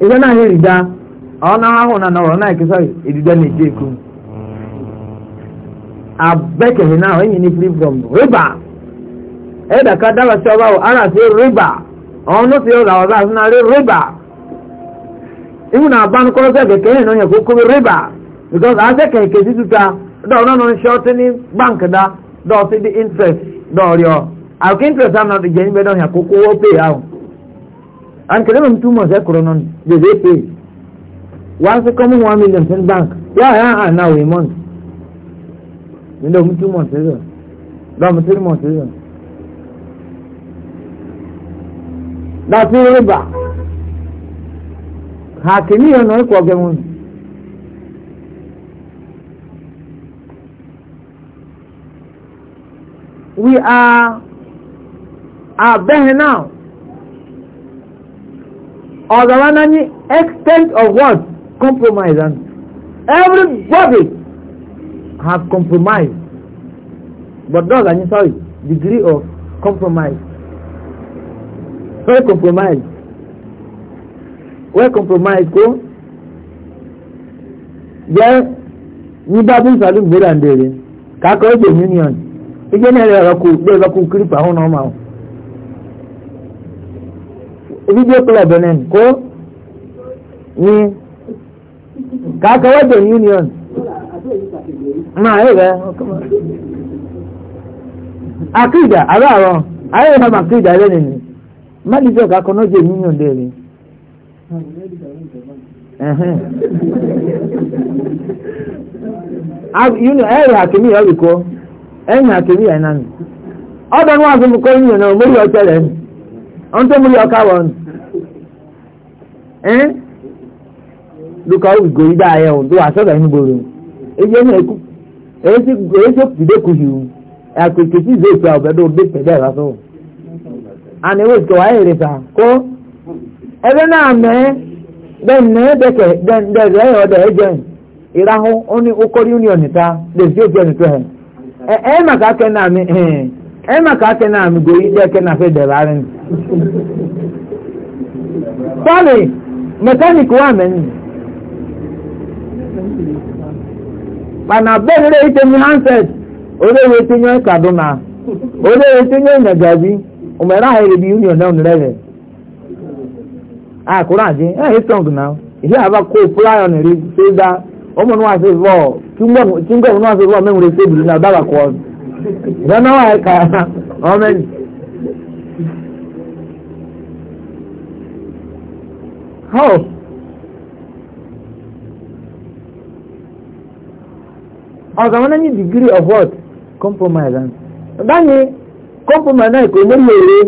ihe na ahịa erida ọ na ahụ na nọrọ na ekesa erida na-eje eku abekeghị na enyi ni free from riba ẹ̀dàká dára sí ọba ara sí riba ọ̀nà si ọ̀rọ̀ ọ̀rọ̀ àti náà riba ihu na abanu kọ́ sí ẹ̀kẹ̀kẹ̀ yìí lóyìn kó kúrò riba because àṣẹ̀kẹ̀kẹ̀ sí tuta nọ ní ṣọ́ọ̀tì ní báńkì dá di interest interest and kẹlẹ́ mi túmọ̀ sẹ́ kúrọ̀ náà dèdè pé wọ́n á sẹ́ kọ́ mú one million ten bank yà á hàn náà wèé mọ́n nílò mi túmọ̀ sẹ́sọ̀ lọ́mọ tí mo sẹ́sọ̀ láti rìbà hàkìní ọ̀nà ìkọ̀ gẹ̀mú ni. We are are better now ọ̀dọ̀wá náà ní extent of what compromise and everybody have compromised but dog anyi sorry degree of compromise wey compromise wey compromise ko jẹ ní bible salim gbọdọ àndèrè kakọ ẹgbẹ union ẹgbẹ náà ẹrọ kù gbé ẹrọ kù kiri pàhùn náà video club nan ko ni kaka wajen union ma yi eh, ga eh. akida ara ayo na makida lene ni mali jo ka kono je union de ni union ayo hakimi eh, yo biko en hakimi ya nan odan wa zo ko union no mo yo tele ọ̀n tó múlẹ̀ ọ̀ká wọn ẹ́n lukọ̀ ògò ìdá ayẹ òdó àṣọ́gbà inú gbòòrò èyí ẹni ẹkú èyí tí kùdé kùhì ù àkèké tí ìzó ìfẹ́ ọ̀bẹ tó dé pẹ̀lú ẹ̀rọ sọ àná ìwé ìtọ́ ayé rẹ̀ fà kó ẹgbẹ́ náà mẹ́ ó ní ó union níta lè fi ó fi ẹni tó ẹ̀ ema ka ake na amigo ije ake na federalin sorry mechanic wa men na benre ite mi handset orewe tinye kaduna orewe tinye nyagazi umere ahụ union na onirele ah kura eh he strong ihe aba ko fly on ri say that omo no ase vo tungo menwere na daba ìdáná wà ẹ̀ka ọmọ ẹ̀yìn. How? ọ̀gá wọn ní degree of what? compromise and báyìí compromise náà kò mórí èrè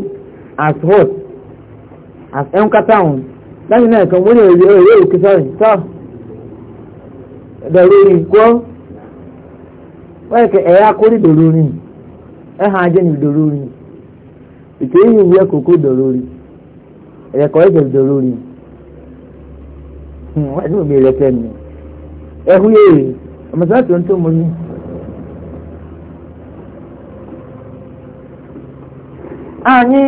as what? as ẹnkátà wọn báyìí náà kò mórí èrè òkè sọ́rọ̀ sọ́ọ̀ dọ̀rọ̀ ìkọ́. wọ́n kẹ ẹ̀yà akórí dòrórí ẹ̀hàn ajẹ́ni dòrórí ìtò yìí wúyẹ kòkó dòrórí ẹ̀yẹ̀kọ́ ẹ̀jẹ̀ dòrórí wọ́n ẹ̀dùn mi rẹ̀ tẹ̀ ẹ̀hú ọmọdé tó ń tó mọ́ anyị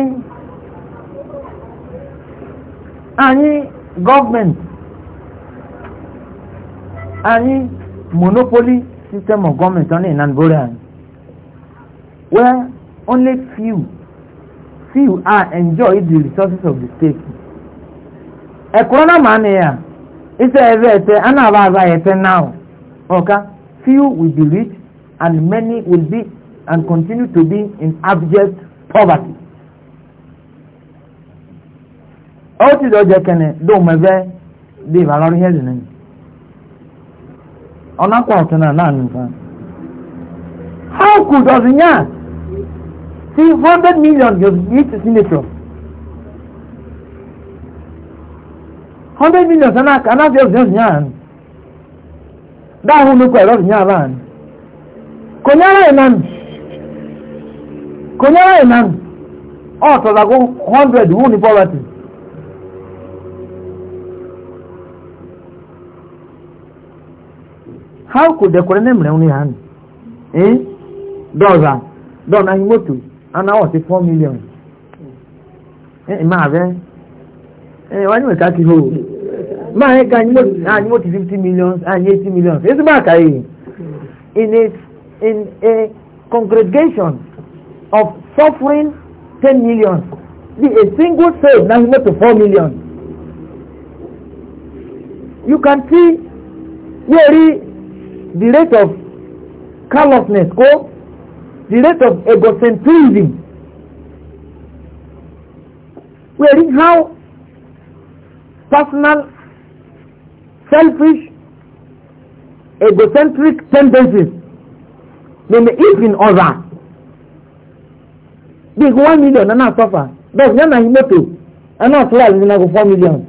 anyị gọọmenti anyị monopoli system of government only in Angola, where only few, few are enjoy the resources of the state. Ekorona mane ya, ise ebe ete ana aba aba ete now, okay? Few will be rich and many will be and continue to be in abject poverty. Ó ti dọ̀jẹ̀ kẹ̀nẹ̀ dóun mẹ́fẹ́ bí ìbálòrìn yẹn lónìí ọ̀nàkọ̀ ọ̀tún náà náà nìkan. how could ọ̀sìnyàn see hundred million yóò yí ti signature hundred million sanna kanna fi ọ̀sìn ọ̀sìnyàn dáhùn lóko ẹ̀rọ ọ̀sìnyàn báyìí kò ní ara ìnáni kò ní ara ìnáni ọ̀tọ̀ làgó hundred wù ní poverty. how could the kore nem reuni hand? eh doza don na And now o ti 4 million eh ma ave eh wani we ka ki ho ma e ka ni moto ah ni moto 50 million ah 80 million is ma ka in a in a congregation of suffering 10 million a single soul na to 4 million you can see yeri the rate of carelessness go. the rate of egocentrism wherein how personal selfish egocentric tendencies they may eat in others big one million na na suffer but yẹn na yín mọ́tò ẹ̀ náà tó wà nínú four million.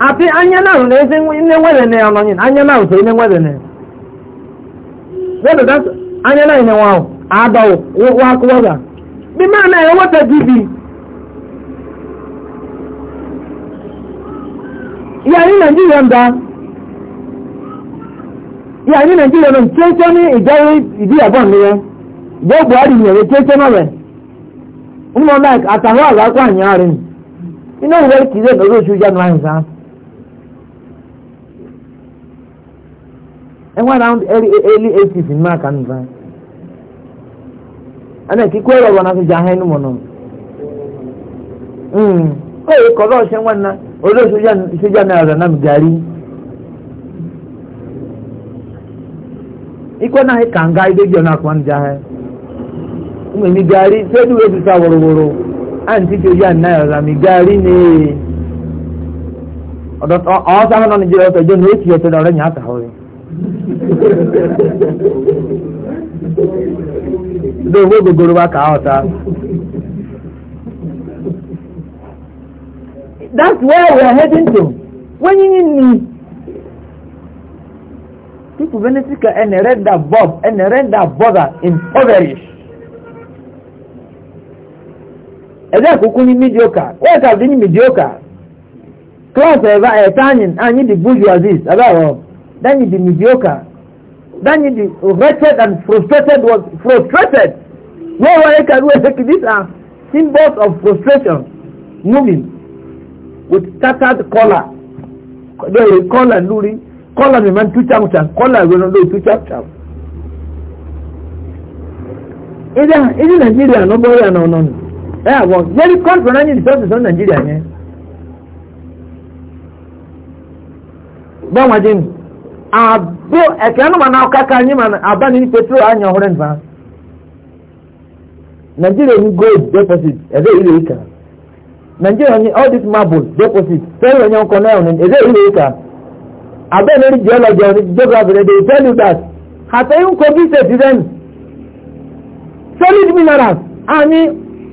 ati anya na na ezi nne nwere na ya nọnyi anya na ụzọ ine nwere na ya anya na ine nwa adọwụ wa akụwọga bi ma na ya wata dibi ya ni nigeria nda ya ni nigeria ni ìjọri ìdí àbọ̀ mi buhari nyere ncheche náà rẹ̀ ń mọ̀ láì àtàwọn àgbà kó àyàn rẹ̀ nínú ìwé oṣù ẹwọ́n around early early eighties ní na kàn nìkan ẹnna kíkó ẹ̀rọ wọn àti na olóòṣù sójà náà rẹ̀ náà gàrí ikú náà kànga ìdójú ọ̀nà àkùnrin ní jahẹ́ ìmọ̀ ní gàrí sẹ́dí wẹ́ẹ́ ti sá àǹtí sójà náà rẹ̀ mi gàrí ni ọ̀dọ̀ ọ̀ sáwọn náà nìjẹ́ ọ̀tọ̀ jẹ́ ní ndị ogbe gogoroba ka aghọta that's where we are heading to you need me people benefit ka and render bob and render bother impoverished ẹ̀dẹ́ àkókò ní mediocre wọ́n kà bí ní mediocre class ẹ̀fà ẹ̀ta anyin anyi the bourgeoisie abẹ́ àwọn. Then you'll be mediocre. Then you'll be wretched and frustrated. Was frustrated. No way can we take these are uh, symbols of frustration. Moving with tattered collar. They will collar luri. Collar me man two cham cham. Collar we don't do two cham Is it Nigeria? No boy no no. Yeah, well, very contrary to the sources of Nigeria. Yeah. Báwọn ajé nù. abo eke anụ mana ọkaka anyị mana aba na petrol anya ọhụrụ nva nigeria ni gold deposit eze ile ịka nigeria onye all this marble deposit tell onye nkọ na ọhụrụ ebe ile ịka aba na eri geology or geography they tell you that hatayi nkobi state then solid minerals anyị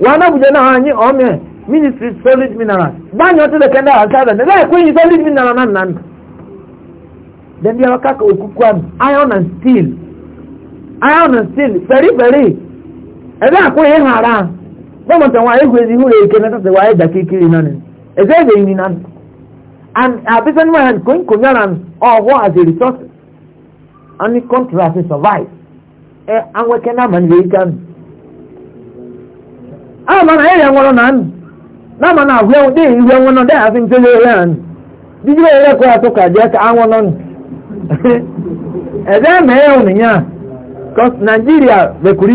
wana abuja na anyị ọmịa ministry solid minerals gbanyọ tụrụ kenda asada na-ekwenye solid mineral na nna dem bịara kaka okuku ahụ iron and steel iron and steel peri feri ebe akwụghị ịghara ahụ gọọmenti nwa egwu ezi hụrụ eke na tata waye daka ikiri nanị eze eze ini nanị and abịsani uh, ma ya nkonyi konyara ọhụụ as a resource and contrast survive e anweke na amanị wee ike ahụ a ma na ya nwụrụ na anụ na ma na ahụ ya dị ihu ya nwụrụ na dị ahụ mfe ya ahụ dịjụ ya ele kwa atụ ka dị ẹ̀dẹ́ mẹ́rin òun nìyàn cos nigeria dúdú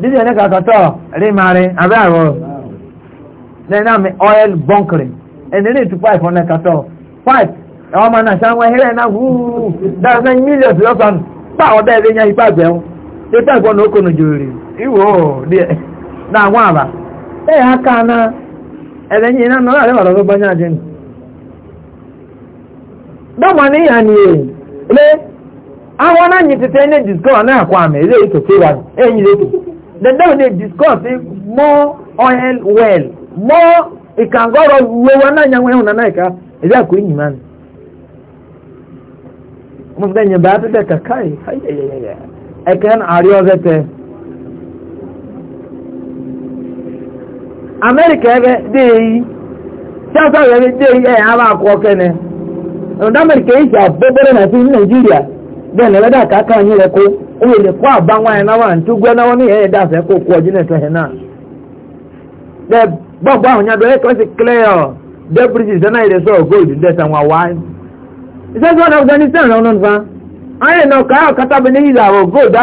dídí ẹ̀dẹ́ kàtàtọ̀ rí abẹ́ àrọ̀ oil bunkering ẹni rí tu pipe ọ̀nà kàtọ̀ pipe ẹ̀wọ̀n náà sáwọn náà wúúú million lọ́sàn pa ọ̀dọ́ ẹ̀dẹ́ yẹn ipa gbẹ̀hún ṣé pipe ọ̀nà dọ́gba ní ìhà ni èyí lé àwọn náà yìí tètè ní discourse náà kọ àmì ilé ètò tí wà lẹ́tọ̀ dey discuss more oil well more yẹn wọ́n náà kàkà yìí ẹ̀kẹ́ àárí ọ̀sẹ̀ tẹ́. amẹ́ríkà ẹ̀fẹ́ dé yìí ṣáṣá ẹ̀fẹ́ dé ẹ̀yà ọ̀dọ́ amẹ́ríkà yìí ti àbọ́gbọ́rẹ́ náà sí nàìjíríà bẹ́ẹ̀ ni ẹ̀rẹ́dà kàkà yín rẹ̀ kó ó lè kó àbáwọn ẹ̀ náà tó gbé náà ní ẹ̀yẹ dáfẹ́ kó kú ọdún ẹ̀tọ́ ẹ̀ náà. bẹ́ẹ̀ bọ́ọ̀bù àwọn yàtọ̀ ẹ̀ kọ́sì clear deputy sẹ́nà ìrẹsọ̀ gold wá. afghanistan náà káyọ̀ ní gold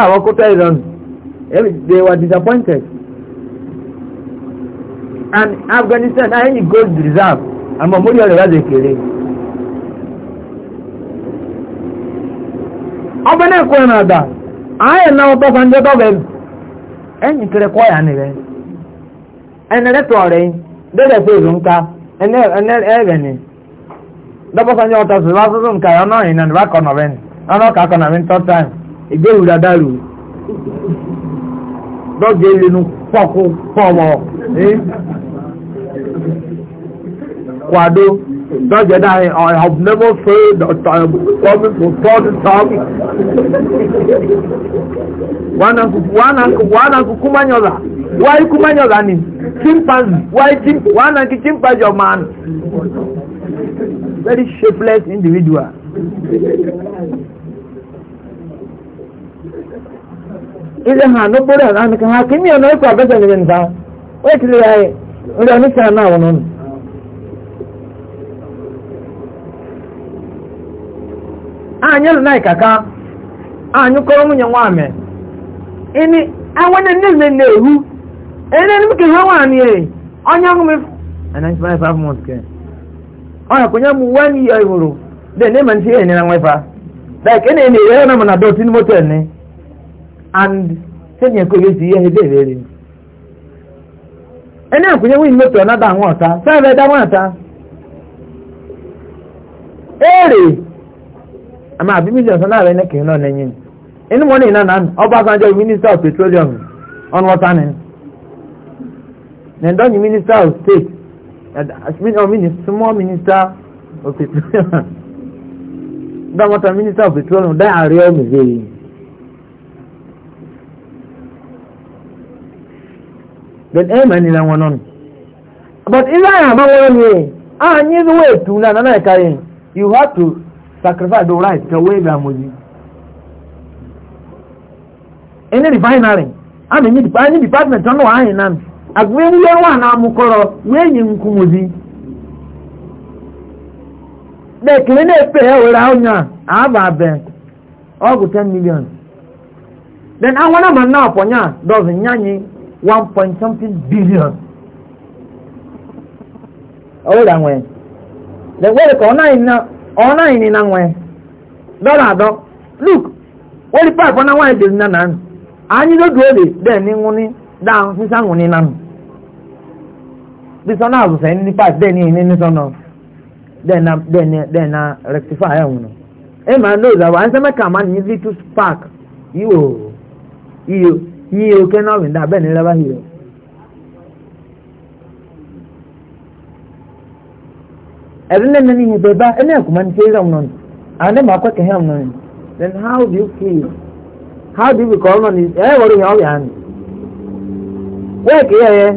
àwọn kótó they were disappointed and afghanistan gold ọbẹ̀ kọ́ ẹ̀nà àdá ààyè náà ọtọ́ sanjẹ́ tọ́bẹ̀ ẹ̀yìn kiri kọ́ ya nìyẹn ẹ̀nà ẹ̀tọ́ rẹ̀ dédé fún ìlú nka ẹ̀nà ẹ̀rẹ̀ ni dọ́bọ̀ sanjẹ́ ọtọ́ sọ̀rọ̀ asọ́sọ nka ọ̀nà ìnà nípa kọ̀nà bẹ́ẹ̀ ọ̀nà ọ̀kà kọ̀nà bẹ́ẹ̀ tọ́ táìm ìgbéru dadaru dọ́gba elinu pọ̀kú pọ̀wọ̀ kwado. God, and I, I have never said that I am coming for third time. One Wana wana wana kukumanyoza. Why Kumanyola? ni? Chimpanzee. Why chim One ki chimpanzee of man? Very shapeless individual. Ile ha no bora na ka hakimi ona ko abeta ni nta. Wewe kile yeye. Ndio ni sana wanono. anyị lụ na ikaka anyị kọrọ nwunye nwaamị ịnị awanye nne nne na-ehu ịnị nne nke ha nwaanyị ere onye ọṅụ m ana nchi mara five months ke ọya kwenye m anyị ya ịhụrụ de ne ma nchi ya enyere nwa ifa like ịnị ịnị ya na mana dọtị n'ime otu ene and sịnye nke oge si ihe ebe ere ịnị akwenye nwunye moto na da nwa ọta saa ebe da nwa ọta ere àmà àbí mílíọ̀n sọ́nà rẹ̀ ní kìí náà nẹ́yìn inú mọ́ni iná náà ọbásanjọ́ minister of petroleum on water ni nìdọ́nyì minister of state small minister of petroleum dọ́mọ́tà minister of petroleum dá àárẹ̀ ọ̀mìzẹ́ yìí. then ẹ mẹ́ni lẹ́ wọn náà but ilé àyàmọ́ wọn ni àyìn ìwé ètò náà náà ẹ̀ka yìí you have to. sacrifice the right to wave their money. Any refinery, any department, don know I am. Agwene yẹn wà náà mú kọ́rọ̀ yìí nkùmùdí. Bẹ́ẹ̀kìlì náà pè é wèrè àwọn yàn àbà abẹ ọgụ 10 million. Then àwọn àmà náà pọ̀nyà dọ̀sìn nyányí point something billion. Ọ̀rẹ́dà nwẹ̀. Then wẹ́rẹ̀ kọ̀ ọ́ yìí náà. ọ̀nà ìní na nwẹ̀ dọ́là àdọ́ look wọ́n rí na náà wáyé na na nù anyị lódù òde dẹ̀ ní nwúni dá sísá nwúni náà nù na-azụsa náà àbùsẹ̀ ní páàpù dẹ̀ nọ na rectify ẹ̀ nwúni ẹ̀ máa lóò zàwọ̀ àyẹ̀sẹ̀ mẹ́ka máa ní little spark yíyó yíyó yíyó kẹ́ náà rìn ẹ̀rín lẹ́nu ní ibẹ̀ bá ẹni ẹ̀kọ́ máa ń ṣe ìrọ̀ náà àwọn ẹ̀mọ́ akọ́ kẹ̀hẹ́ ọ̀nà ni then how do you feel how do you become ọ̀nà ni ẹ̀ wọ́n yàn ọ̀yà ni. wẹ́ẹ̀kì yẹyẹ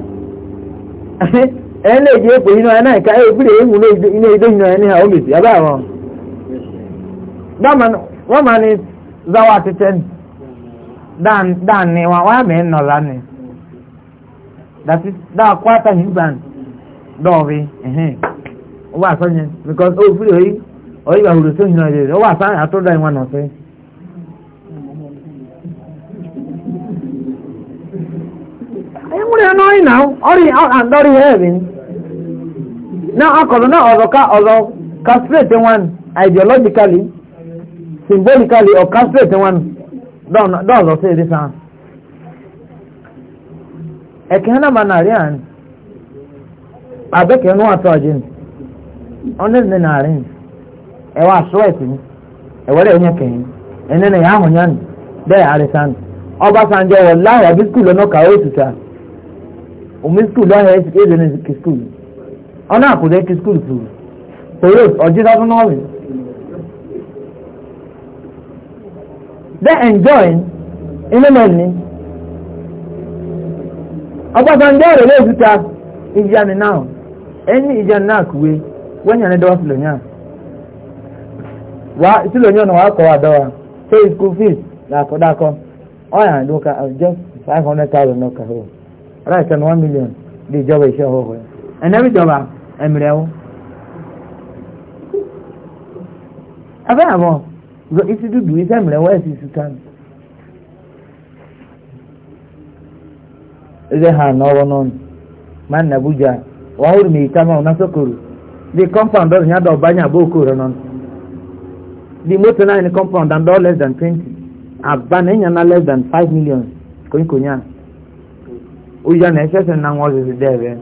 ẹ̀ ń lè di èpò yìí náà ẹ̀ náà ìka ẹ̀ ìpínlẹ̀ èyí wúlò iná ìdó yìí náà ẹ̀ ní ha omi sí abẹ́ àwọn. wọ́n máa ní zawa títẹ́ dáàni wọn wá mẹ́rin nọ̀ lánìí dàtí dáa kó àtàyìn gbà dọ̀ọ̀bì ẹ̀hìn. wà sọ́yìn because ó fúlẹ̀ orí orí ìgbà òrùsọ yìí náà rẹ̀ ó wà sáyìn àtọ́dọ̀ ìwọ̀n náà sí. ẹ̀yìn múlẹ̀ náà yìí náà ọ̀rí àndọ́rí ẹ̀rì náà akọ̀rọ̀ náà ọ̀rọ̀ ká ọ̀rọ̀ castrate one ideologically symbolically or castrate wọn dọ́ọ̀lọ́ sí èdè sáà ẹ̀kẹ́ náà máa nà rí àárín àbẹ́kẹ́ nú àtọ́ àjẹ́ni. ọ̀nẹ́sì ní nàárín ẹ̀wà aṣọ ẹ̀sìn ẹ̀wẹ́rẹ́ ẹ̀yẹ ya ahụ nà yàá hùnyá nì bẹ́ẹ̀ àrísàn ọbásanjọ́ wọ̀ láyà bí skul ka o tuta omi skul lọ́hà ẹ̀sì kéde ọ kí skul ọ̀nà àkùdé kí skul tù tòró ọ̀jísà fún nọ́ọ̀mì. they enjoying inú mẹ́rin ọbásanjọ́ rẹ̀ na tuta ìjànì náà ẹni na náà kúwe. wẹ́nyà ni dọ́wọ́ sílò yàn wá sílò yàn wà kọ́ wà dọ́wọ́ pay school fees dàkọ́ dàkọ́ ọ̀yà ló ka just five hundred thousand ló ka o right and one million di ìjọba iṣẹ́ ọ̀hún ẹ̀nẹ́bí ìjọba ẹ̀mìrẹ̀ o. abẹ́ àbọ̀ isi dúdú iṣẹ́ ẹ̀mìrẹ̀ wọ́n ẹ̀sì sùtàn. ilé hàn náà wọ́n náà mà nàbújá wàhùrù mi ìtàmọ́ ọ̀nà sọ́kòrò. the compound doesn't have banya boku ranon the motor na in compound and all less than 20 abana nya na less than 5 million koyin konya uya na ese na nwa ze debe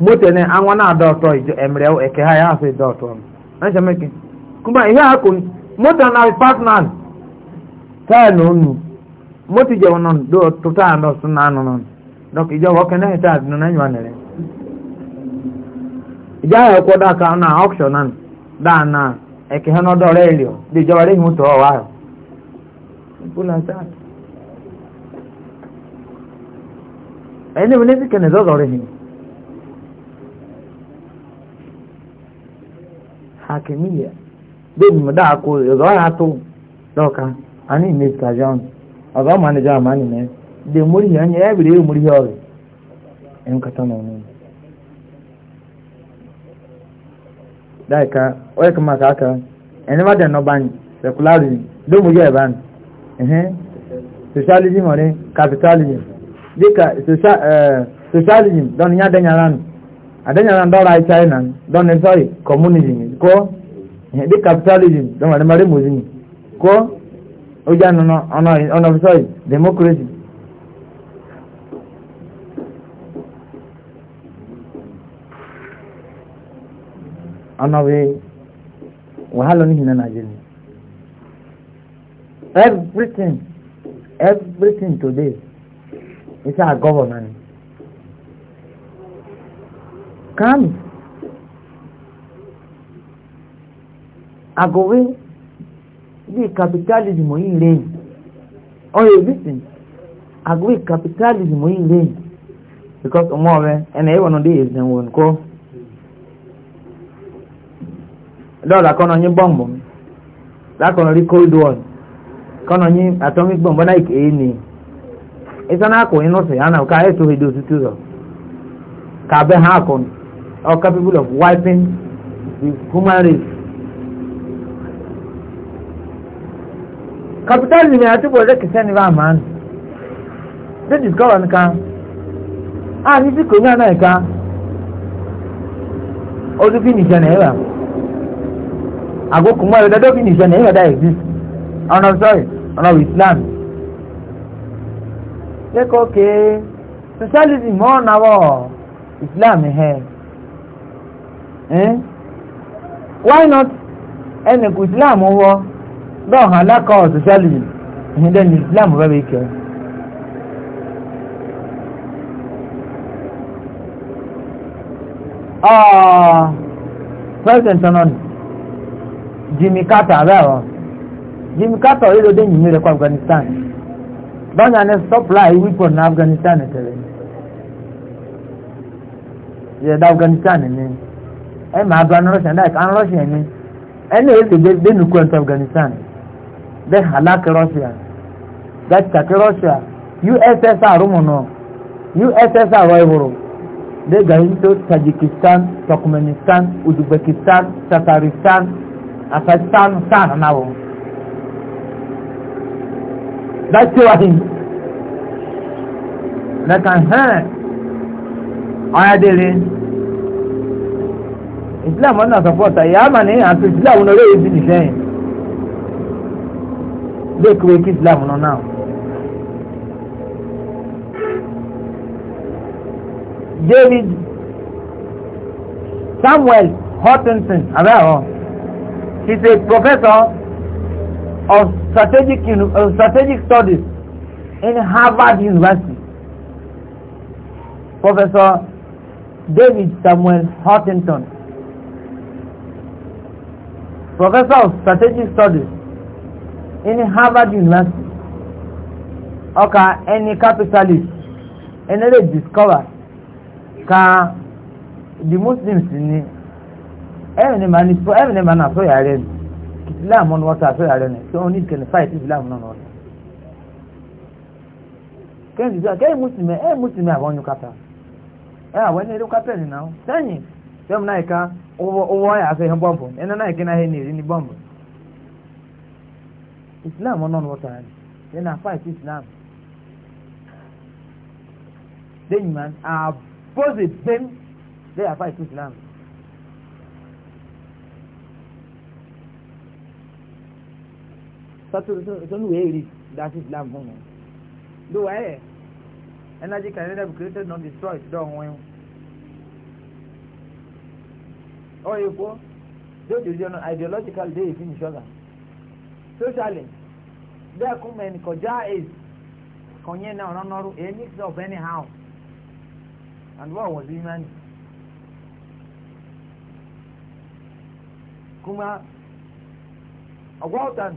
motor na anwa na do to ijo emre o eke ha ya afi do to na se meke kuma ihe akun motor na partner ta no nu motor je wonon do to ta no sunanu non donc ijo wo kenan ta no na jaya ko da ka na auction nan da na e ke hano do re lio di jo re mu to wa bula sa ene bele ke ne do re ni hakimiya de mu da ko yo do ya to do ka ani ni ka jon aga manager mani ne de muri ya ne e bi re muri yo en ka to no dai oye kama ka aka ẹni bá dẹ̀nà bá ní secularism ló mú yẹ bá ní socialism ọ̀rẹ́ capitalism dika eh, socialism dọ́ni yá dẹ́nyàrá nù àdẹ́nyàrá dọ́ra ẹ̀ china dọ́ni sọ́rí communism ko ẹ̀hìn dika capitalism dọ́ni ọ̀rẹ́ mọ́rẹ́ mọ́sí kọ́ ó jẹ́ ọ̀nà ọ̀nà sọ́rí democracy ana wahala ni hina najini everything everything today is our government come agowe di capitalism oyin reign oye listen agowe capitalism oyin reign because ọmọ rẹ ẹnna ẹwọn ọdẹ ẹsẹ wọn kọ. dọ́ọ̀lù akọ́nà yín bọ́ǹbù lákọ̀nà rí cold one kọ́nà yín atomic bomb bọ́dá ìkè ni ìsọ́nà àkọ́ yín lọ́sẹ̀ yánà ká ètò èdè òtútù rọ̀ kàbẹ́ hàn are capable of wiping the human race. capital yàtí bò lè kìsẹ́ ní báà máa ń ṣe discover nìkan a ní sí kò ní àná ìka ó tún fi àgókò mọ́ ẹ̀rọ dẹ́dọ́ fi nìṣẹ́ ní ẹ̀rọ dá exist ọ̀nà sọ́ọ̀rì ọ̀nà islam. lẹ́kọ̀ọ́ ké socialism mọ́ ọ̀nà wọ̀ islam ẹ̀ why not ẹnì kù islam wọ bẹ́ẹ̀ hàn lákọ̀ọ́ socialism ẹ̀yìn dẹ́ni islam bẹ́ẹ̀ bẹ́ẹ̀ kẹ́ ẹ̀. Ah, President Anonymous jimmy carter abẹ́rọ jimmy carter yìí ló dé yìnyín rẹ̀ kọ́ afghanistan lọ́nyà ní supply weapon ní afghanistan tẹ̀lé yẹ̀dá afghanistan ni ẹ̀ máa do an russian like an russian ni ẹni èyí lè dé nukú ẹ̀ tó afghanistan dẹ́ halak russia dẹ́ kàkí russia ussr mu nù ussr ọ̀ ìhòrò dẹ́ gàyìn tó tajikistan turkmenistan uzbekistan tataristan afẹ́tánù sáànù náà wò. Dátí wá hìn. Lẹ́ka hẹ́n ọ̀yádìrí. Ìsìlẹ̀ mọ́ náà sọ̀pọ̀tà ìyá àmà ní àti ìsìlẹ̀ àwọn olórí ìdí nìsẹ́yìn. Léèkúwé kí ìsìlẹ̀ àwọn náà. David Samuel Hortenson, àbẹ́ àwọn. He's a professor of strategic, uh, strategic studies in Harvard University. Professor David Samuel Huntington, Professor of Strategic Studies in Harvard University. Okay, any capitalist ẹni lè discover ka the Muslims in. ẹ̀rìn ni màá nà sọ́yà rẹ̀ ni ìsìláàmù ni wọ́n ta sọ́yà rẹ̀ ni tí wọ́n ní ìkẹlẹ̀ fáìtì ìsìláàmù náà nọ́ọ̀tà kẹ́hìn sísọ kẹ́hìn mùsùlùmí ẹ̀ mùsùlùmí àwọn ọ̀nyọ́ kata ẹ̀ àwọn ẹni ẹ̀rọ kata ni sẹ́yìn sẹ́mu náà ìka owó ọ̀yà afẹ́ ihe bọ́ǹbù ẹ̀nà náà ìkẹ́ náà ihe ní bọ́ǹbù ìsìláàmù náà wọ́n ni yẹn náà fáìtì sọ́nù wẹ́ẹ́ rí that is Islam fún Do ló wáyé energy can never be created nor destroyed dọ̀ wọ́n yẹn. ọ̀ èkó those religion ideological dey fin each other. socially bẹ́ẹ̀ kún mẹ́ni kọjá is kọ̀nyẹ́ náà ọ̀nọ́nọ́rú a mix of anyhow and what was human. kuma about and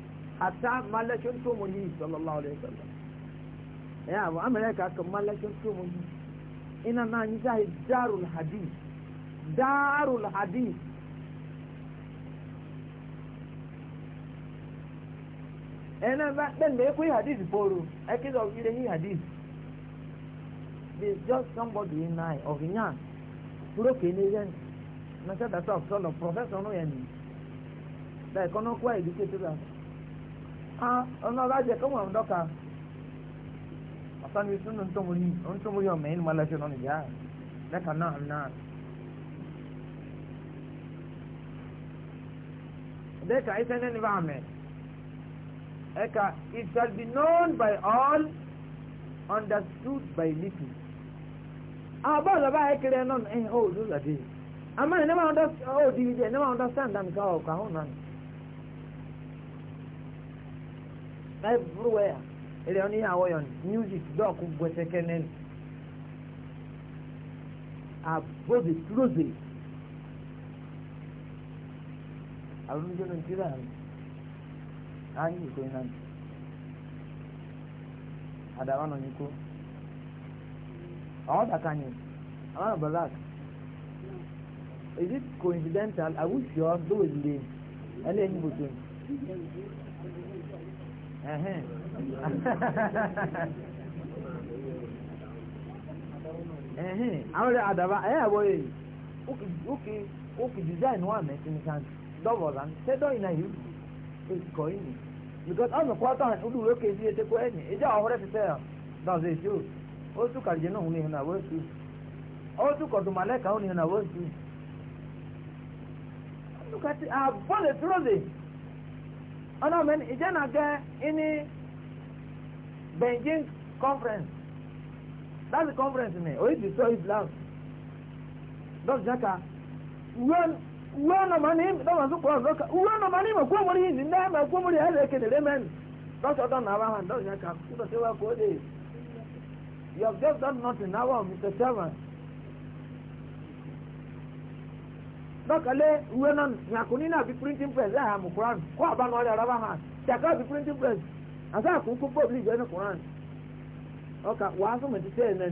hatta mallakin to sallallahu alaihi wasallam ya wa amerika kan mallakin to ina na ni jahi darul hadith darul hadith ena ba den me ku hadith e ki ni hadith na ọ̀nà ọ̀làjẹ̀ kọ́ it shall be known by all understood by little àbọ̀ ọ̀lọ́ bá ẹ̀kẹ́rẹ́ ẹ̀ náà ẹ̀ ọ́ òdúrà dé àmọ́ ẹ̀ náà máa understand ẹ̀ understand àmì ká ọ̀ka ọ̀hún understand. everywhere ele oni awo yon music do ku gwete kenen abozi tulozi alun jono ntira ani ko inan ada wano nyiko awo dakanye awo balak is it coincidental i wish you all those days ẹlẹ́yìn bùtù àwọn rẹ̀ àdàbà ẹ̀ ẹ̀ wọ́n yìí ókè ókè design wà mẹ́tìrì sáńtì dọ́bọ̀ rán tẹ́tọ́ ìnà yìí kọ́ yìí ni because ọ̀nà kwata olùwé kejì ètè kọ́ ẹ̀yìn ìjà ọ̀họ́rẹ́ ti tẹ̀ dàzẹ̀ èsì o ó tún kàrìjẹ́ náà òun ni ìhìn àwọn èsì ó tún kọ̀dùn màlẹ́kà òun ni ìhìn àwọn èsì. àbọ̀lẹ̀ dị. ọ̀nà mẹ́ni ìjẹ́nà gẹ́ ní beijing conference that's the conference me oyi so sọ islam lọ́sùn jẹ́ka uwe ọ̀nàmà ní lọ́wọ́n tó kọ́ ọ̀sọ́ka uwe ọ̀nàmà ní mọ̀ kúrò mọ́rí yìí ndẹ́ mọ̀ kúrò mọ́rí ẹ̀ lè kéde lẹ́mẹ́ni lọ́sùn ọ̀dọ́ nàá bá hàn lọ́sùn jẹ́ka kúrò sí wa kó you have just done nothing mr chairman. lọ́kàlẹ́ ìwé náà yàkùn nínú printing press láàrin àmù quran kó àbánu ọ̀rẹ́ ọ̀rọ̀ bá ṣàkà àbí printing press àti àkùn kó pọ̀ bíi ìjọ́nù quran. ọkà wàá sọ̀mọ̀ ti sẹ́yìn náà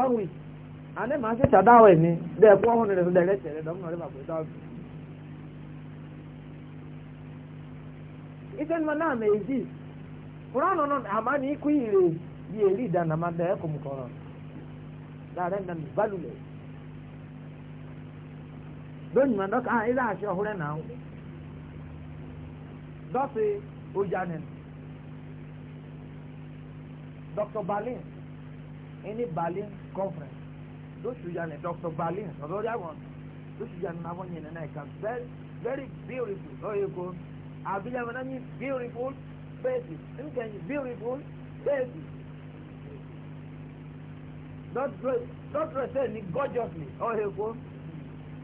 one week àní màá ṣe ṣàdáwọ̀ ẹ̀mí bẹ́ẹ̀ kó ọ̀hún rẹ̀ rẹ̀ bàbá ìdáwọ̀. náà mẹ́ èjì quran àmà ní ìrè bíi ìdáná máa lónìí wọn dọ́kà ilé àṣẹ ọ̀húnrẹ́ náà dọ́sì ojanin dr berlin any berlin conference lóṣù yanin dr berlin ọ̀dọ́ ọ̀dọ́ àwọn lóṣù yanin náà wọ́n yẹn nínú ẹ̀ka very very beautiful lọ́yẹ̀ kó àbílẹ̀ wọn náà ní beautiful faces nǹkan yìí beautiful faces dọ́tírẹ̀ sẹ́ẹ̀ ní gorgeously ọ̀yẹ̀ kó.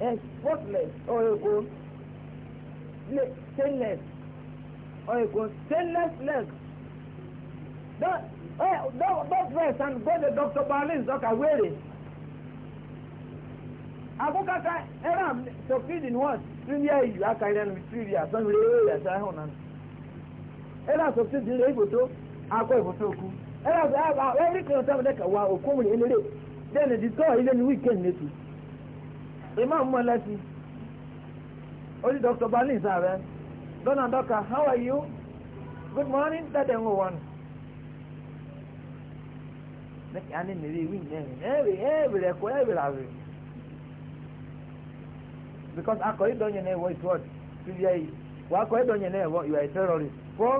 and spotless or you go stainless or you go stainless leg don don eh, don dress and go the doctor balance doctor wear it akukaka ẹran eh, succeed in what trivia iju akari ẹnu trivia sọmi lè wéyè ẹsẹ ẹhùn náà ẹran succeed in lè ibùdó akọ ibùdó òkú ẹran succeed in every kind of time ẹ̀ka wa òkú mi ní eléré then the store ilé ni weekend ní tu. imam molesi only dr berlin sáré donald doka how are you good morning dade ń wọn. mẹ́kì á ní mèrè ìwé ìyẹn ẹ̀rì ẹ̀rì ẹ̀kọ́ ẹ̀rì àwẹ̀ because akọ̀ ìdọ̀nyẹ̀ náà wọ ìtúwọ̀d tí bí ẹ̀yì wọ́n akọ̀ you náà wọ ìwà ìtẹ́rọ̀rì fọ́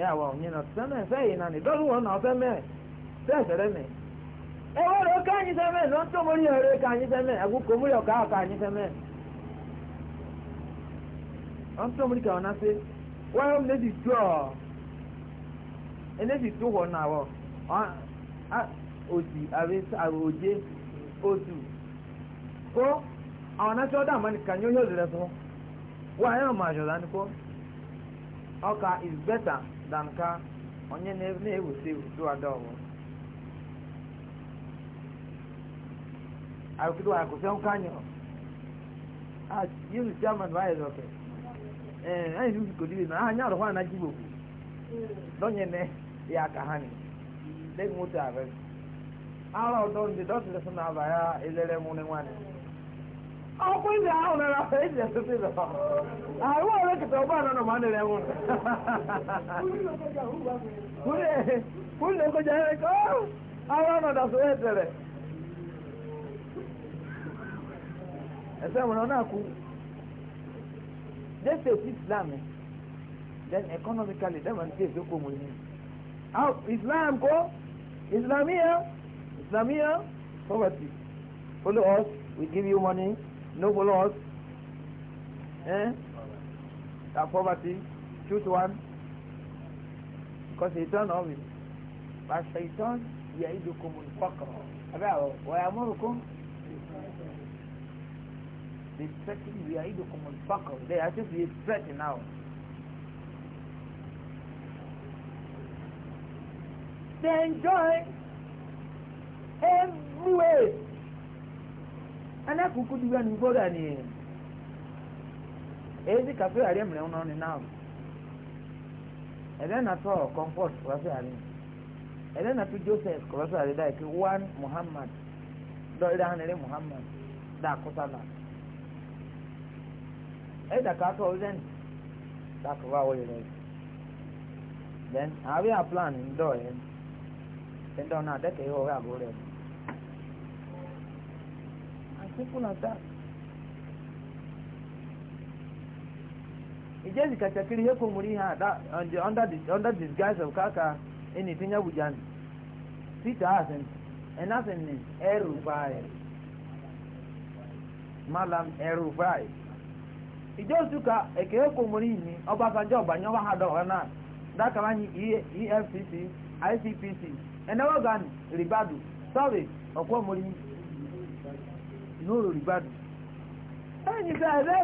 ẹ̀ àwọn ọ̀nyẹ̀ náà sẹ́mẹ̀ fẹ́ náà ní dọ́lù wọn náà na mẹ́ẹ̀ fẹ́ ewere oke anyị seme na ntụ omori ere ka anyị seme agwụ ka omori ọka ka anyị seme ntụ omori ka ọ na-asị wee m na-eji tụọ eneji tụhọ na awọ oti oje otu ko àwọn náà tí ó dàmọ́ nìkan yóò yóò rẹ̀ fún wọ́n ayé ọmọ àjọ̀dá ní kó ọkà is better than ká ọ̀nyẹ́ na ewu sí àdá ọ̀wọ́. àrùkútù àkó sẹ́wọ́n kányọ̀ yíyù chairman báyìí lọ́kẹ̀ ẹ̀ ẹ̀yìn yìí kò dìde náà àyàn àrùkọ́ àná jìbò kù lọ́nyẹ̀ nẹ́ yà kà hàn lẹ́yìn mọ́tò àrẹ ara ọ̀dọ́ ndè dọ́tí lẹ́sùn náà bàyà ẹlẹ́rẹ́ mú ní wánì. ọkùnrin ìdè ahùn náà rà fẹ́ẹ́ ìdè tó ẹ̀sẹ̀ wọn náà kú then say islam eh? then economically dem and say soko mo ni how islam ko islamiya islamiya poverty follow us we give you money no follow us eh That poverty choose one because he turn off it but shaitan yaidukum al-faqr abawo wa yamurukum they threaten we are idukum al-faqr they are just they threaten now they enjoy everywhere anakuku di wa nufo ga ni ezi kafe ari emere ọnụ ọnụ now ẹdẹ na tọ comfort kọlọsọ ari ẹdẹ na tọ joseph kọlọsọ ari da ike muhammad dọ ẹdẹ ha na muhammad da akọsala. ai da ka to then da ka ba then abi a plan ndo e ndo na da ke ho ga gore as simple as that ijezi under the under of kaka anything abujan sita asen and asen malam ijesu ka ekeekomoriini ọbasanjọ ọgbanye ọbahadọha na dakaranye efcc icpc enewogan ribadu sorry okwomori n'ụlọ ribadu enyisa ebe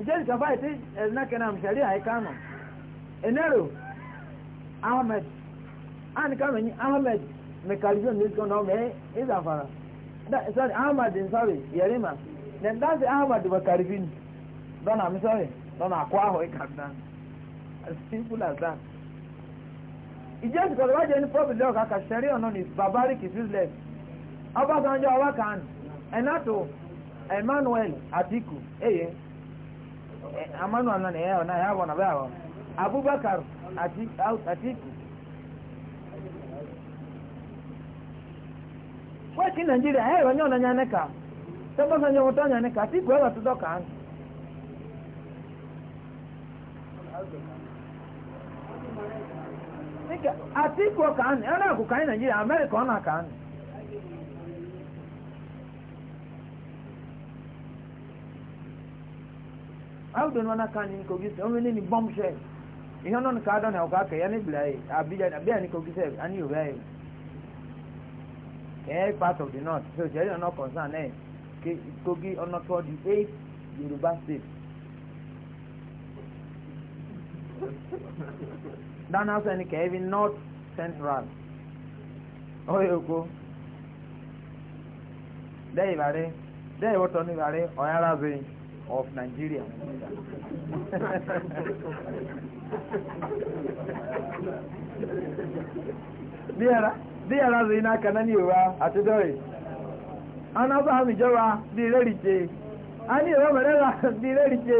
ijesu ka faịtị ezinakena e, mshari haikano enero ahmed anikamenyi ahmed mekalizon n'ezikọ na ọma e, ịzafara e, sorry ahmed sorry yerima na ndazi ahmed bakaribini dọ́nà sorry. sọ́rẹ̀ dọ́nà àkọ́ àhọ́ ìkàdán as simple as that ìjẹ́ ìsìnkọ́ tó bá jẹ́ ní problem lẹ́wọ̀n kàkà ṣẹ̀rí ọ̀nà ni barbaric is useless ọbásanjọ́ ọwá kan ẹ̀nàtò emmanuel atiku eye eh. emmanuel náà nìyẹn ọ̀nà ẹ̀yà wọ̀nà bẹ́ẹ̀ wọ̀ abubakar atiku wọ́n ti nàìjíríà ẹ̀rọ ní ọ̀nà nyanẹ́ka tọ́bọ́sanjọ́ wọn tọ́ nyanẹ́ka atiku ẹ̀rọ tó dọ́kà á nù atiku ka anyị ọ na-akụ ka anyị naijiria amerịka ọ na-aka anyị awudo nọ n'aka anyị nkogi sị onwe nini bọm shel ihe ọnụ ka adọ na ọkụ aka ya n'ebile anyị abịa abịa n'ikogi sị anyị yobe anyị ee part of the north so jerry ọ concern ee kogi ọ nọ toward the eight yoruba state dana sani kẹbi north central oye oko dẹ ìbàrẹ dẹ ìwọtọ ní ìbàrẹ ọyárazi of nigeria bí ẹ̀razi iná kaná ní ìwà àti dọ́rẹ̀ anábà àmìjọba bí rẹ́rìjẹ a ní ìwọ mẹ́rẹ́lá bí rẹ́rìjẹ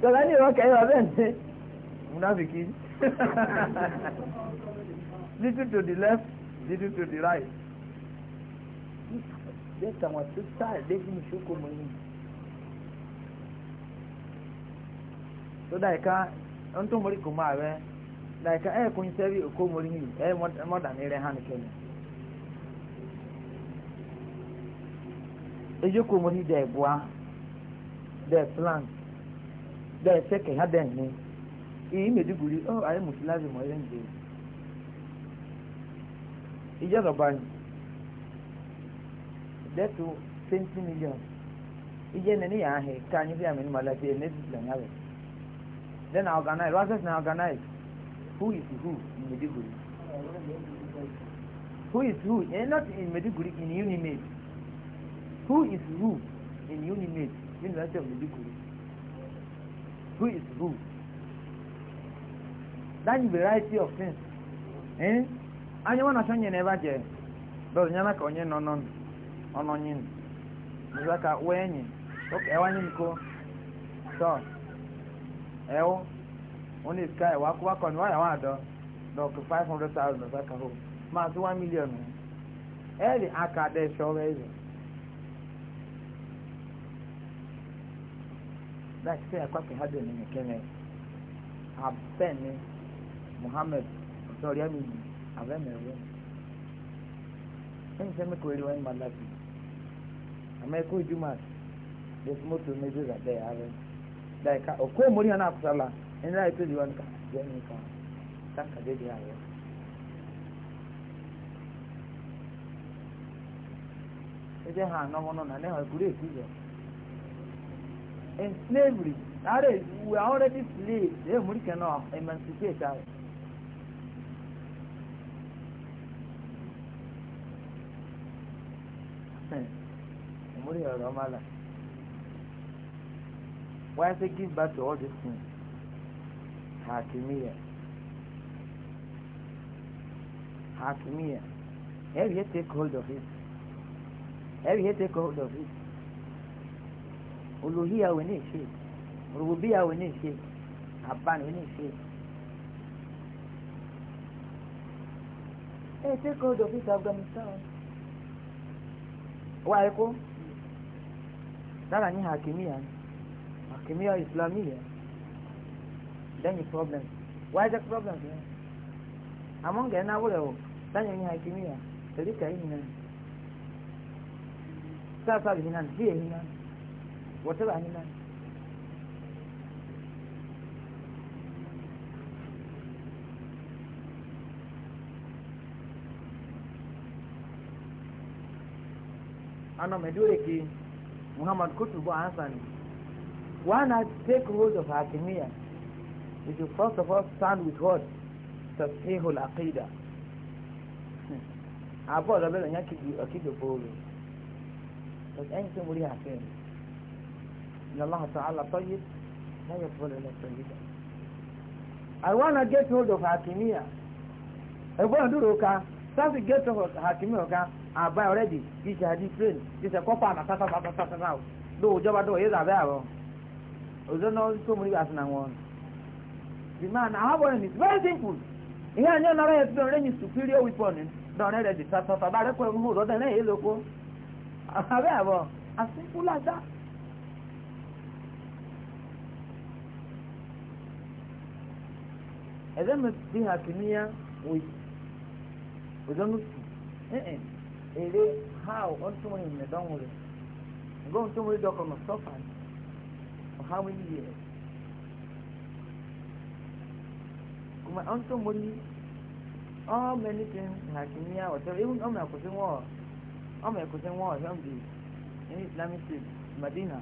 tọ́lá ní ìwọ kẹyọ abẹ́ ní múnáfìkì little to the left, little to the right. Desta uma sussada, deixa me chuco mãe. So daí cá, eu não estou morrendo com mal, né? Daí cá, é conhecer o como ele é, é moda nele, é hanekele. dẹ̀ bua, dẹ̀ plant, dẹ̀ sẹ́kẹ̀ ha ní. iyi maiduguri oh ayi musulmi mo yẹn de ìjọba ni dẹ́tù twenty million ìjẹ́ nani yà á hẹ̀ ká anyi fi àmì mọ̀lá fi ẹ̀mẹ́ ti gbẹ̀yà rẹ̀ then I organize process na organize who is who in maiduguri who is who eh not in maiduguri in unimate who is who in unimate university of maiduguri who is who. that variety of things eh anyị nwa na-achọ nye n'ebe je dọrọ nyana ka onye nọ nọ ọnọnyi nụza ka wee enyi ụka ewanye nko sọ ewu onye sky wa akwụkwọ akọ n'ọya wa adọ dọkụ 500,000 zaka ho maazị 1 million eri aka dị shọrọ eze like say akwapụ ha dị n'ime kene abeni muhammed ọ̀sọ̀rí ẹ̀mí abẹ́mẹ̀rẹ́ ẹ̀yìn sẹ́mi kò rí wọn ní malafi àmọ́ ẹ̀kọ́ ìdúmọ̀ dẹ́sí mọ́tò méjì rà bẹ́ẹ̀ ààrẹ dàìka ọ̀kọ́ ìmọ̀rí hàn àkùsàlà ẹ̀yìn láì tó ìwọ́n ká jẹ́mi ká sáǹkà dédé ààrẹ. ẹjẹ hàn náà wọn náà lẹ́hàn ìkúrẹ́ ìkúrẹ́ in slavery ààrẹ we are already slaves ẹ̀ mú Muryar Ramala. Why they give back to all these things? Hakimiyya. Hakimiyya. Every year take hold of it? Every year take hold of it? Uluhiya we need shape. Rububiya we need shape. Abban we need shape. Hey, take hold of it, Afghanistan waye ko dara ni hakimia hakimia islamia then problem why the problem yeah? among ena wule o tanya ni hakimia talika hii nani sasa hinan hii hinan whatever hinan ana Medureke Muhammad Kutubu Hassan one has to take hold of Hakimiyya is you first of all stand with what? Tashihul Aqidah àbọ̀ lọ́bẹ̀ lọ́yìn akéde akéde bóòlù but ẹni tí mo rí àfẹ́ mi lọ́láhùn tó alátọ́yé lẹ́yìn fọlọ́ lẹ́tọ́ yìí dá. I wanna get hold of Hakimiyya ẹ̀gbọ́n dúró ká sáfì get hold of Hakimiyya ká I buy already this is this train this is copper and tata tata tata now no job do is there o ozo no so muri as na won the man how about it very simple ihe anya don range superior weapon don ready tata tata bare ko mu ro den e loko abe abo as simple as that ẹ̀rẹ́ mi ti hàkì níyà ere how ọ̀ntúnwìn ní dánwòrè ǹgọ́ ọ̀ntúnwìn dọ́kọ̀ nọ sọ́fà for how many years kuma all many things has been whatever even ọmọ ẹ̀kọ́sí wọ́ọ̀ ọmọ ẹ̀kọ́sí wọ́ọ̀ ọ̀hún islamic state madina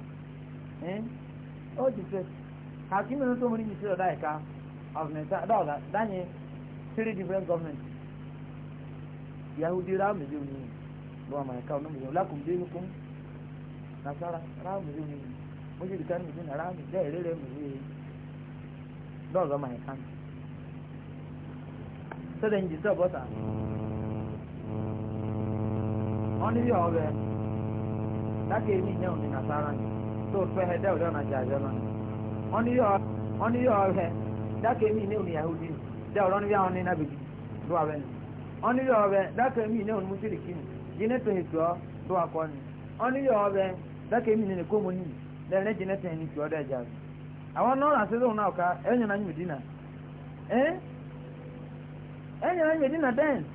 ó o fẹ́ hakimi ló tó mú ní ìṣe ọ̀dá ẹ̀ka ọ̀gbìnẹ̀ta three different governments yahudi ra méjì nìyí. lọ́wọ́ àmọ̀ ẹ̀ka onáwó yẹn lákòó dé nasara ráàmù yóò yẹn mo ṣe ìdíkà nìyẹn náà ráàmù bẹ́ẹ̀ rẹ́rẹ́ mi yé lọ́ọ̀rọ̀ àmọ̀ ẹ̀ka mi sọ́dọ̀ ń jì sọ́ bọ́tà wọ́n ní bí ọ̀bẹ lákè ní ìyẹn òní nasara ni tó fẹ́ yahudi dẹ́wọ̀dẹ́ ọ̀nà bí àwọn ní nàbẹ̀jì lọ́wọ́ abẹ́ni wọ́n ní bí ọ̀bẹ lákè ní ìyẹn jinete hituo do akoni oni yobe dake mi ne komo ni de ne jinete ni tuo de ja awon no na se do na oka enyo na nyu dina eh enyo na nyu dina den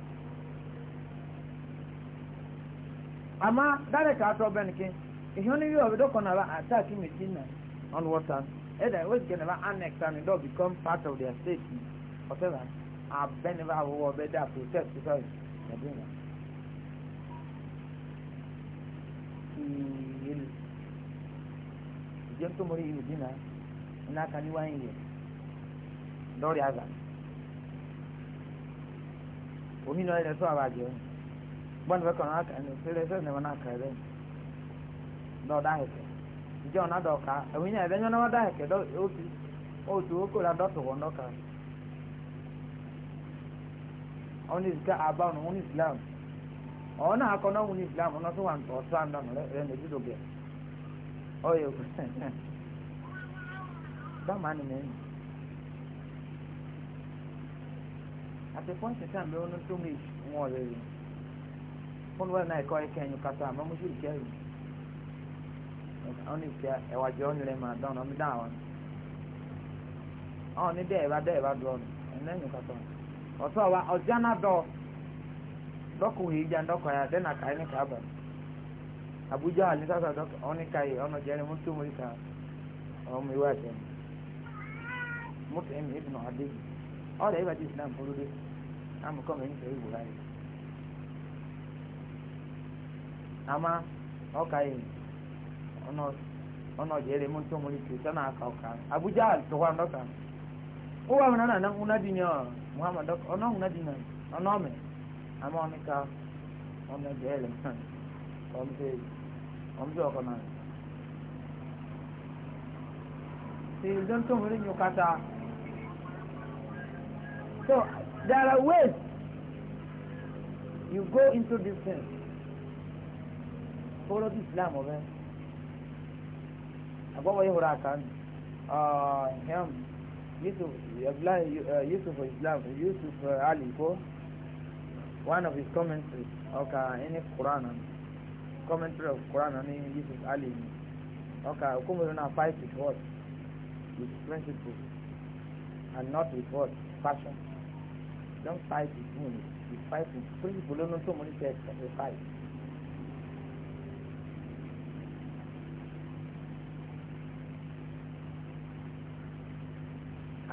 ama dare ka to benke ihoni yobe do kona ba attack mi dina on water either we can never annex and it become part of their state whatever i've been never over there protest because ọjọ́ tó mọ̀rí ìlú dínà ní aka ní na yẹ lọ́rì àgbà onínú ẹ̀rẹ́ tó àbàjẹ́ gbọ́n bẹ́ẹ̀ kàn áka ẹni òṣèré ẹ̀sẹ̀ ẹ̀nẹ́wọ̀n náà kà ẹ̀rẹ́ lọ́ọ̀dá ẹ̀kẹ́ ìjọ ọ̀nà dọ̀ọ̀ka ẹ̀wọ̀n yẹn otu oyo dámàánì mẹ́rin àti pọ́ǹtì tí àmì ọ̀nà tó mi wọ́n ọ̀rẹ́ rẹ̀ fún wọn náà ẹ̀kọ́ ẹ̀kẹ́ ẹ̀yìn kata àmọ́ mo sì jẹ́ rẹ̀ ọ̀nà ìfẹ́ ẹ̀wà jẹ́ ọ̀nà rẹ̀ máa dán ọ̀nà dá àwọn ọ̀nà dẹ́ ẹ̀bá dẹ́ ẹ̀bá dùn ọ̀nà ẹ̀yìn kata ọ̀tọ̀ wa ọ̀já náà dọ̀ dọ́kùn yìí jà dọ́kọ̀ yà dẹ́nà káyẹ́ ní kábàá. abuja alisasa dɔk ɔni kayi ɔnɔ jɛni mutu mu ika ɔmu iwa mutu ɛmi ebi na ɔdi ɔdi ɛbi ati islam polo de amu kɔmi ɛni sɛ ibu ayi ama ɔkayi ɔnɔ ɔnɔ mutu mu ika sɛnɛ aka ɔka abuja alisɔkwa dɔka uwa mi nana na ŋuna di ni ɔ muhammad dɔk ɔnɔ ŋuna di na ɔnɔ ama onika ka ɔnɔ mutu mu ika ɔmu omjua uko nayo sizonto mulinyo kata so there are ways you go into this thing follow the islam okay? it abawa yehura kan uh him yusuf abdullah uh, yusuf islam yusuf uh, ali ko one of his commentaries okay in the quran commentary of Quran I mean this is Ali okay come will not fight with what with principle and not with what passion don't fight with money you fight with principle don't know so many tests that you fight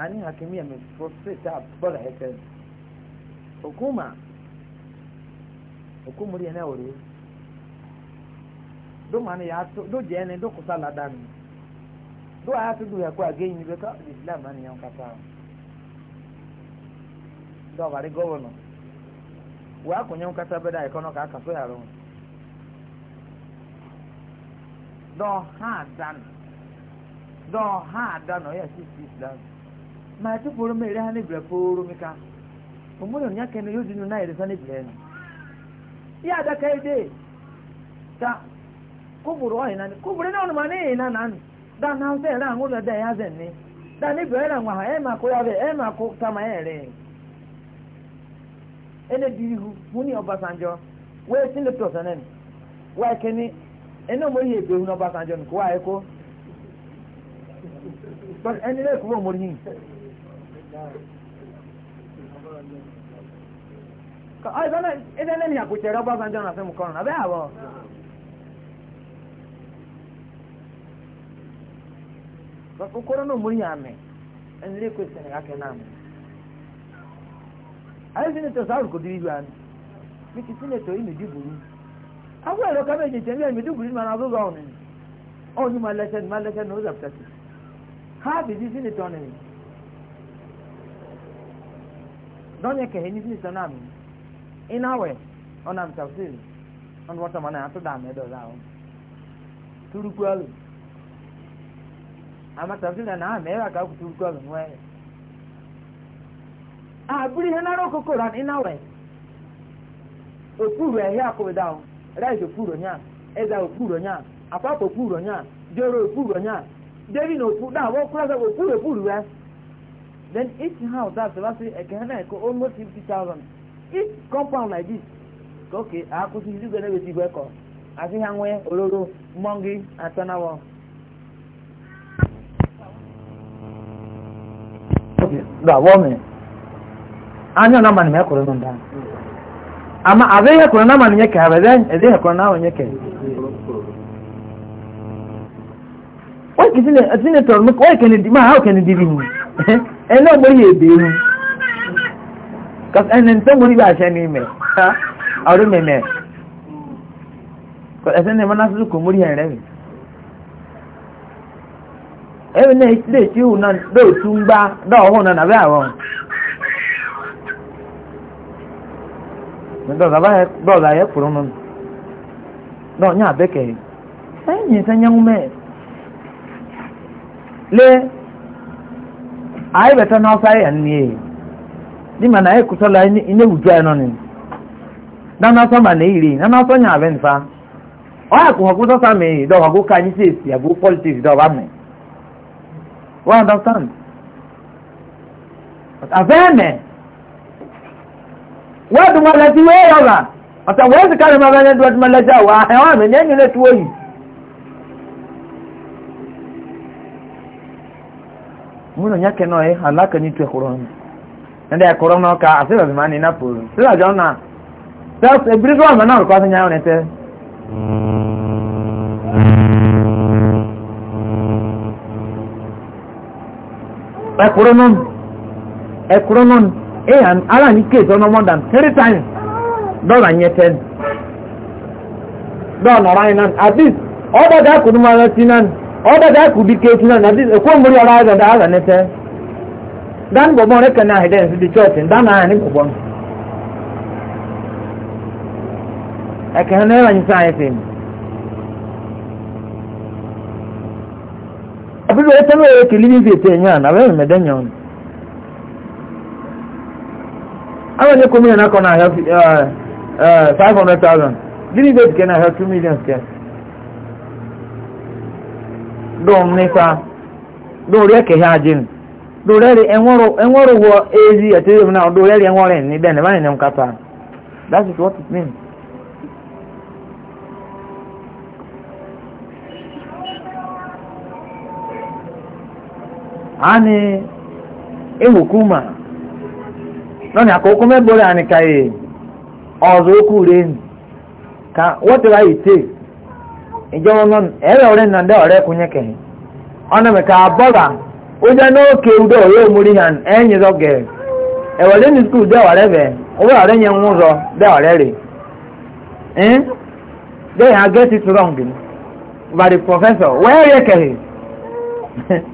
ani hakimiyya mai frustrate ta bar hakan hukuma hukumar yana wuri do mani ya to do jene do kusala dami do ya to do ya kwa ge ni beka islam mani yon kata do bari govono wa ko nyon kata beda e kono ka ka so ya ron do ha dan do ha dan o ya si islam ma ti foro mere ha ni bre foro mi ka o mo nya kene yo dinu na ire sa ni bre ni ya da kai de ta kufuru wa na onuma ne ina nani na se ra ngo da ya ze ni da ni be ra ngwa ha e ma ko ya e ma ko ere ene dirihu obasanjo we tin le to sanen wa keni ene mo ihe ebe hu obasanjo ni wa e ko but ene le ni na okoro no muri ame enri kwesịrị aka na amụ anyị sinetọ sa arụkọ dịrị ihu anyị miki sinetọ imeji buru agwa ero ka meji nche ndị imeji buru mana azụzụ ọnụ onye ma lese ma lese na ụzọ pụtasị ha bizi sinetọ ọnụ dọnye ka henyi sinetọ na amụ ị na-awe ọ na mtafsiri ọnụ ọtọ mana atụ da amị dọla ahụ turukwu alụ ama tafsiri na na mẹ́wàá ká kutu kọ́ mi wọ́n ẹ̀. àbúrí hẹ́n náírà kókó rà ní náwó ẹ̀. òkúrò ẹ̀hí àkọ́bẹ̀dá o ráìsì òkúrò nyà ẹ̀dá òkúrò nyà àpapọ̀ òkúrò nyà jọrọ òkúrò nyà david na òkú dáa wọ́n kúrò sẹ́kọ̀ okpuru òkúrò then each house that sọlá sí ẹ̀kẹ́ hẹ́n almost fifty thousand each compound like this da wome anya na mani mekoro no da ama abe ya koro na mani yake abe den ede ya koro na wonye ke wai kitine atine tor mu wai kene di ma how kene di bi mu e no mo ye be mu kas en en to mo ri ba sha ni me ha awru me me ko esen ne mana su ebe na ile ti hu na do tu ngba do hu na na be awon ndo da ba do da ye kuru nun do nya be ke sai ni san yang me le ai beta na sai an ni ni mana e ku sala ni ne wu ja no ni na na so ma ne iri na na so nya be nfa o me do ha ku ka ni politics do ba We understand. But avene. Where do malaji we yoga? Ata wezi kare mabane do malaji wa hewa me nyenye le tuoyi. Muno nyake no eh alaka ni twe korona. Nende ya korona ka asira zimani na pulu. Sira jona. Sasa ebrizo wa manaro kwa sanya yonete. Mm. ẹkùrọ nọ eya ara ni case more than three times dọ́là yẹn ten dọ́là ọ̀rọ̀ ayé at least ọ̀dọ̀ dà kùdú mu ara ti náà ọ̀dọ̀ dà kùdú kéétì náà at least èkó mórí ọ̀rọ̀ ayé dàda dan bọ̀bọ̀n rẹ̀ kẹ́ni àhìdẹ́ ẹ̀ sí di dan ara ni bọ̀bọ̀n ẹ̀kẹ́ hẹ́n náà anyị si abin da ke libin zai ta yi yana abin mai dan kona 500,000 libin ke na 2 million ke don nisa don rí ẹkẹ ya jin don rẹ́rì ẹwọ́rọ̀ wọ ezi àti ẹ̀rọ náà don rẹ́rì ẹwọ́rẹ̀ ní bẹ́ẹ̀ nkata that is what it means. ani ehukuma nani akoko mebore ani kaye ọzọ okwu renu ka whatever ite takes ẹrẹ ọrẹ ọrẹ ka bọba ụjọ n'oke udo ọrẹ omori ha ẹnyẹ zọ gẹrẹ ndị ní skul ọrẹ bẹ ọrẹ nye nwụ zọ dẹ ọrẹ get it wrong by the professor wee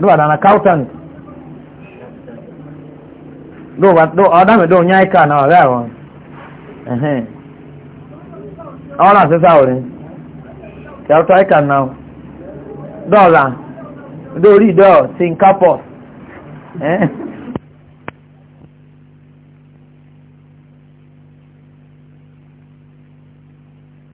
do ana accountant do ba do ada me do nyai ka na ga won eh eh awala se sa ore ke auto ai kan now do ri do singapore eh